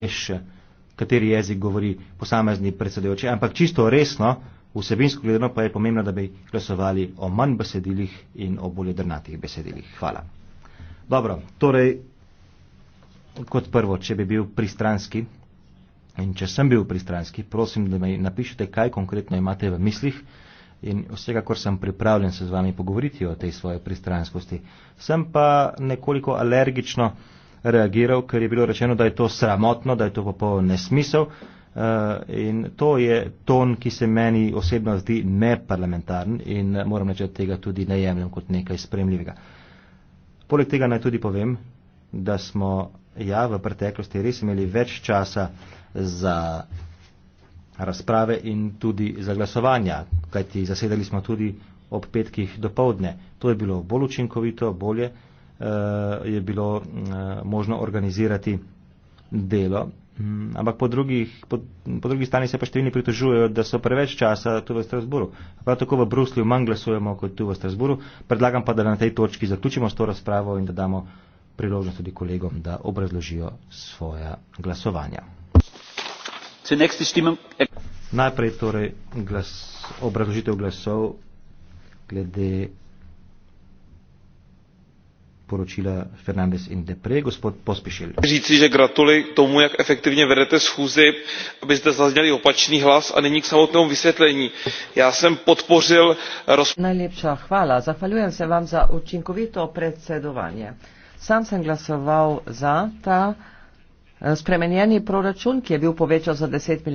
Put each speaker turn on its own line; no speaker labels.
veš, kateri jezik govori posamezni predsedujoči. Ampak čisto resno, vsebinsko gledano pa je pomembno, da bi glasovali o manj besedilih in o bolj drnatih besedilih. Hvala. Dobro, torej, kot prvo, če bi bil pristranski in če sem bil pristranski, prosim, da mi napišete, kaj konkretno imate v mislih in vsekakor sem pripravljen se z vami pogovoriti o tej svoje pristranskosti. Sem pa nekoliko alergično reagiral, ker je bilo rečeno, da je to sramotno, da je to popoln nesmisel. Eh, in to je ton, ki se meni osebno zdi neparlamentarn in eh, moram reči, da tega tudi ne jemljem kot nekaj spremljivega. Poleg tega naj tudi povem, da smo ja, v preteklosti res imeli več časa za razprave in tudi za glasovanja, kajti zasedali smo tudi ob petkih do povdne. To je bilo bolj učinkovito, bolje uh, je bilo uh, možno organizirati delo. Um, ampak po, drugih, po, po drugi strani se pa številni pritožujejo, da so preveč časa tu v Strasburu. Prav tako v Bruslju manj glasujemo kot tu v Strasburu. Predlagam pa, da na tej točki zaključimo s to razpravo in da damo priložnost tudi kolegom, da obrazložijo svoja glasovanja. Najprej torej glas, obrazložitev glasov glede poročila Fernandez in Depre, gospod Pospišil. Říci, že gratuli k tomu, jak efektivně vedete schůzi, aby zde zazněli opačný hlas a nyní k samotnému vysvětlení. Já jsem podpořil... Roz... Najlepša chvála. Zafalujem se vám za účinkovito predsedování. Sam jsem hlasoval za ta eh, spremenjeni proračun, ki je bil povečal za 10 milijonov.